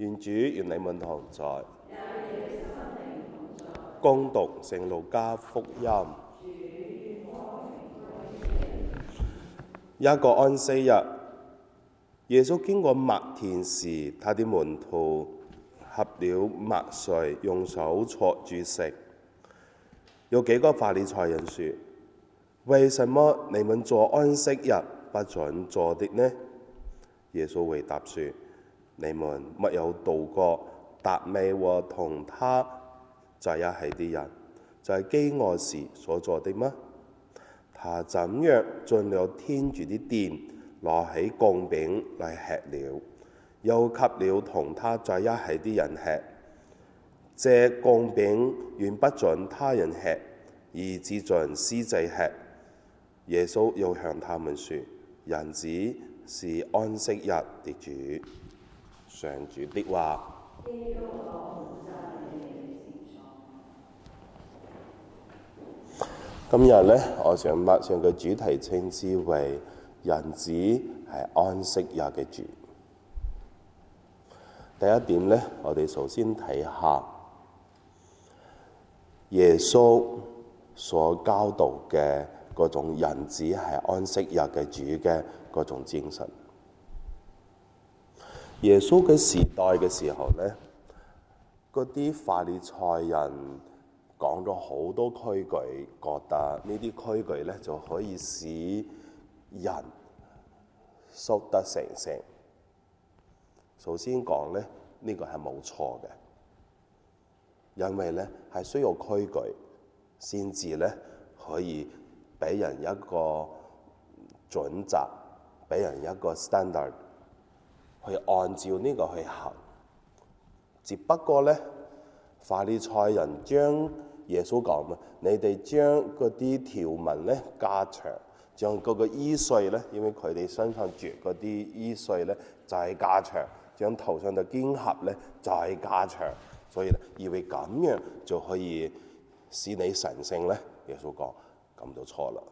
願主與你們同在，恭讀聖路加福音。一個安息日，耶穌經過麥田時，他的門徒合了麥穗，用手搓住食。有幾個法利賽人說：為什麼你們做安息日不准做的呢？耶穌回答說。你們沒有讀過達味和同他在一起的人，就係饑餓時所做的嗎？他怎樣進了天主的殿，拿起供餅嚟吃了，又給了同他在一起的人吃？這供餅原不准他人吃，而只准司祭吃。耶穌又向他們説：人子是安息日的主。上主的話。今日呢，我想默上嘅主題稱之為「人子係安息日嘅主」。第一點呢，我哋首先睇下耶穌所教導嘅嗰種人子係安息日嘅主嘅嗰種精神。耶穌嘅時代嘅時候咧，嗰啲法利賽人講咗好多規矩，覺得呢啲規矩咧就可以使人修得成聖。首先講咧，呢、這個係冇錯嘅，因為咧係需要規矩，先至咧可以俾人一個準則，俾人一個 standard。去按照呢個去行，只不過咧，法利賽人將耶穌講啊，你哋將嗰啲條文咧加長，將嗰個衣穗咧，因為佢哋身上着嗰啲衣穗咧，再加長，將頭上嘅肩合咧再加長，所以咧以為咁樣就可以使你神聖咧，耶穌講咁就錯啦。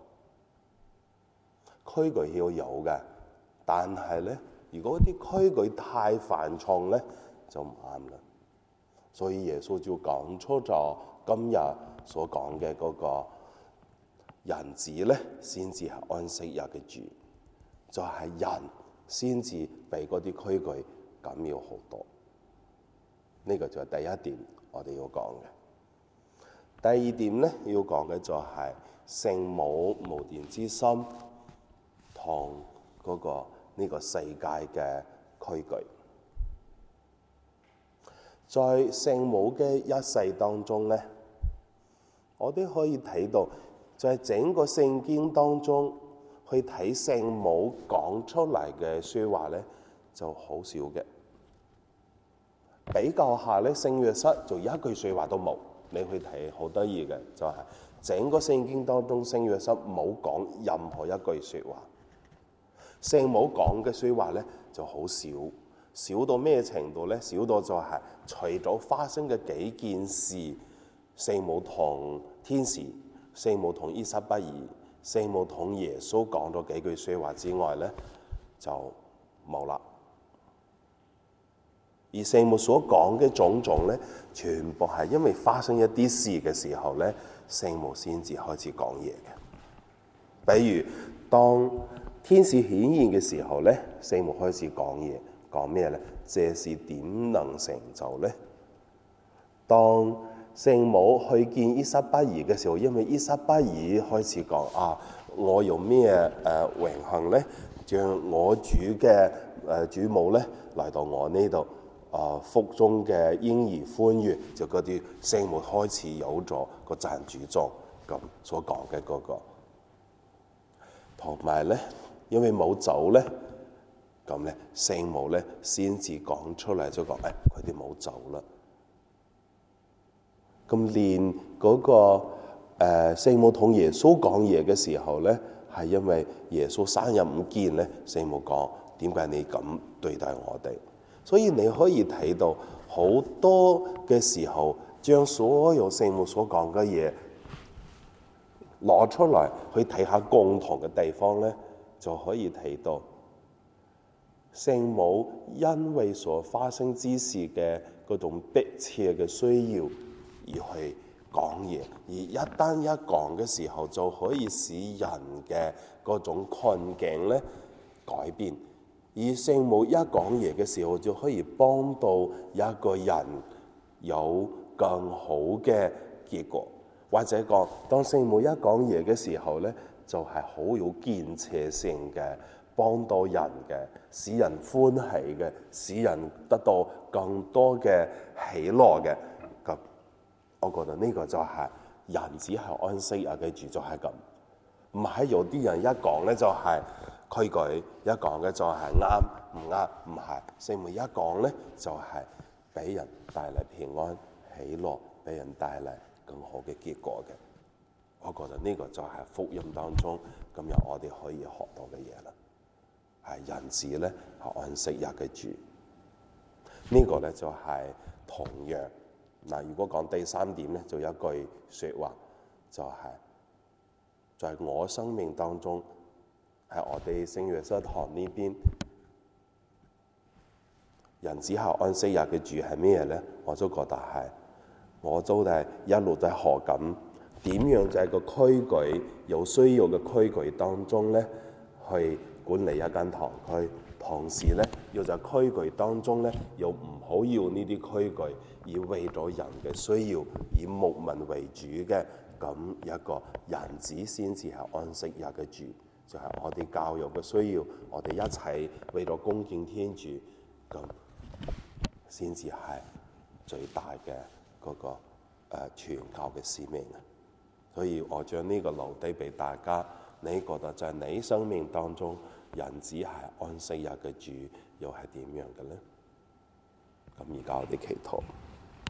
規矩要有嘅，但係咧。如果啲規矩太繁重咧，就唔啱啦。所以耶穌就講出咗今日所講嘅嗰個人子咧，先至係安息日嘅主，就係、是、人先至比嗰啲規矩緊要好多。呢、這個就係第一點，我哋要講嘅。第二點咧，要講嘅就係聖母無玷之心同嗰、那個。呢個世界嘅規矩，在聖母嘅一世當中咧，我哋可以睇到，在整個聖經當中去睇聖母講出嚟嘅説話咧，就好少嘅。比較下咧，聖若瑟，就一句説話都冇，你去睇好得意嘅，就係整個聖經當中，聖若瑟冇講任何一句説話。聖母講嘅説話咧，就好少，少到咩程度咧？少到就係、是、除咗發生嘅幾件事，聖母同天使、聖母同依撒伯爾、聖母同耶穌講咗幾句説話之外咧，就冇啦。而聖母所講嘅種種咧，全部係因為發生一啲事嘅時候咧，聖母先至開始講嘢嘅。比如當天使顯現嘅時候咧，聖母開始講嘢，講咩咧？這事點能成就咧？當聖母去見伊撒巴爾嘅時候，因為伊撒巴爾開始講啊，我用咩誒、呃、榮幸咧？將我主嘅誒、呃、主母咧嚟到我呢度啊，腹中嘅嬰兒歡悦，就嗰啲聖母開始有咗個贊主作咁所講嘅嗰個，同埋咧。因為冇走咧，咁咧聖母咧先至講出嚟，就講誒佢哋冇走啦。咁連嗰、那個誒聖、呃、母同耶穌講嘢嘅時候咧，係因為耶穌三日唔見咧，聖母講點解你咁對待我哋？所以你可以睇到好多嘅時候，將所有聖母所講嘅嘢攞出嚟，去睇下共同嘅地方咧。就可以睇到聖母因為所發生之事嘅嗰種迫切嘅需要而去講嘢，而一單一講嘅時候就可以使人嘅嗰種困境咧改變。而聖母一講嘢嘅時候就可以幫到一個人有更好嘅結果，或者講當聖母一講嘢嘅時候咧。就係好有建設性嘅，幫到人嘅，使人歡喜嘅，使人得到更多嘅喜樂嘅咁，我覺得呢個就係人子係安息日嘅主，就是，就係咁，唔係有啲人一講咧就係規矩一，一講嘅就係啱唔啱，唔係，四妹一講咧就係俾人帶嚟平安喜樂，俾人帶嚟更好嘅結果嘅。我覺得呢個就係福音當中今日我哋可以學到嘅嘢啦，係人子咧係安息日嘅主，這個、呢個咧就係、是、同樣。嗱，如果講第三點咧，就有一句説話，就係、是、在、就是、我生命當中喺我哋聖約瑟堂呢邊，人子係安息日嘅主係咩咧？我都覺得係，我都係一路都係學緊。點樣就係個規矩有需要嘅規矩當中咧，去管理一間堂區，去同時咧，要就係規矩當中咧，又唔好要呢啲規矩，以為咗人嘅需要，以牧民為主嘅咁一個人子先至係安息日嘅主，就係、是、我哋教育嘅需要，我哋一切為咗恭敬天主，咁先至係最大嘅嗰、那個誒傳教嘅使命啊！所以我將呢個留低俾大家，你覺得在你生命當中，人子係安息日嘅主又係點樣嘅呢？咁而家我哋祈禱。